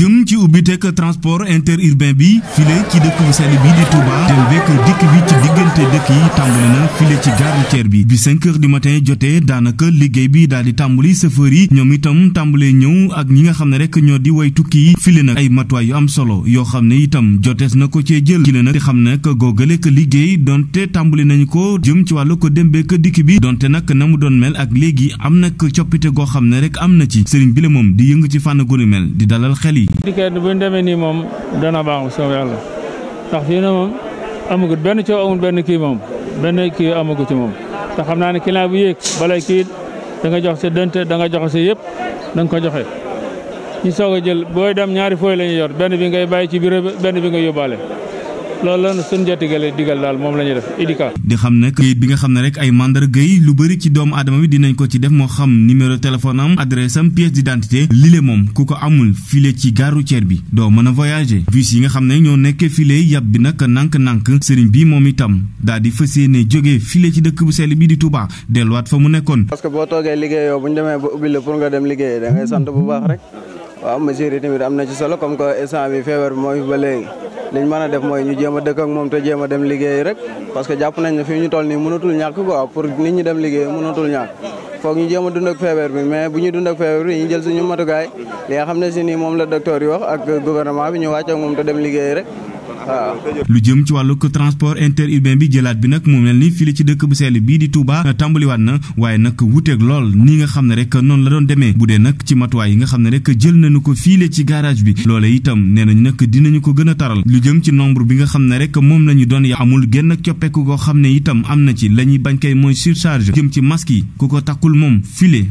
jëm ci ubbiteg transport interurbain bi file ci dëkk bu sell bi di Touba dem bekk dikk bi ci diggante dëkk yi tàmbali na file ci gare routière bi bi 5 heures du matin jotee daanaka liggéey bi daal di tàmbali chauffeur yi ñoom itam tàmbalee ñëw ak ñi nga xam ne rek ñoo di way tukki yi file nag ay matuwaay yu am solo yoo xam ne itam jotees na ko cee jël ci la nag xam ne que googale que liggéey donte tàmbali nañu ko jëm ci wàllu ko dem bekk dikk bi donte nag na mu doon mel ak léegi am na coppite goo xam ne rek am na ci sëriñ bi la moom di yëngu ci fànn gu mel di dalal xel yi ticket bu ñu demee nii moom dana baax soo yàlla ndax fii na moom amagut benn coow amul benn kii moom benn kii amagu ci moom te xam naa ne client bu yéeg balay kii da nga jox sa dënte da nga jox sa yëpp da ko joxe ñi soog a jël booy dem ñaari fooy la yor benn bi ngay bàyyi ci bureau benn bi nga yóbbaale lool la suñu jatigale digal daal moom la def IDCA. di xam nag kayit bi nga xam ne rek ay mandarga yi lu bari ci doomu aadama bi dinañ ko ci def moo xam numéro téléphone am adresse am pièce d'identité lile moom ku ko amul file ci gare routière bi doo mën a voyager. bus yi nga xam ne ñoo nekkee file yab bi nag nànk-nànk sëriñ bi moom itam daal di fas yéene jógee file ci dëkk bu sell bi di Touba delluwaat fa mu nekkoon. parce que boo toogee liggéeyoo bu ñu demee ba ubbi la liggéey da bu waaw mesures yi tamit am na ci solo comme que instant bi feebar bi mooy fi ba léegi liñ mën a def mooy ñu jëm a moom ta jéem a dem liggéey rek parce que jàpp nañ ne fi ñu toll nii mënatul ñàkk quoi pour nit ñi dem liggéey mënatul ñàkk foog ñu jéem a dund ak feebar bi mais bu ñu dund feebar bi ñu jël suñu matukaay li nga xam ne si ni moom la docteur yi wax ak gouvernement bi ñu wàcc ak moom te dem liggéey rek lu jëm ci wàllu transport interurbain bi jëlaat bi nag mu mel ni fii la ci dëkk bu sell bii di Touba tàmbaliwaat na waaye nag wuteeg lool ni nga xam ne rek noonu la doon demee bu dee nag ci matuwaay yi nga xam ne rek jël nañu ko fii ci garage bi loole itam nee nañu nag dinañu ko gën a taral lu jëm ci nombre bi nga xam ne rek moom la ñu doon ya amul genn coppeek koo xam ne itam am na ci la ñuy bañ kay mooy surcharge jëm ci masque yi ku ko takkul moom file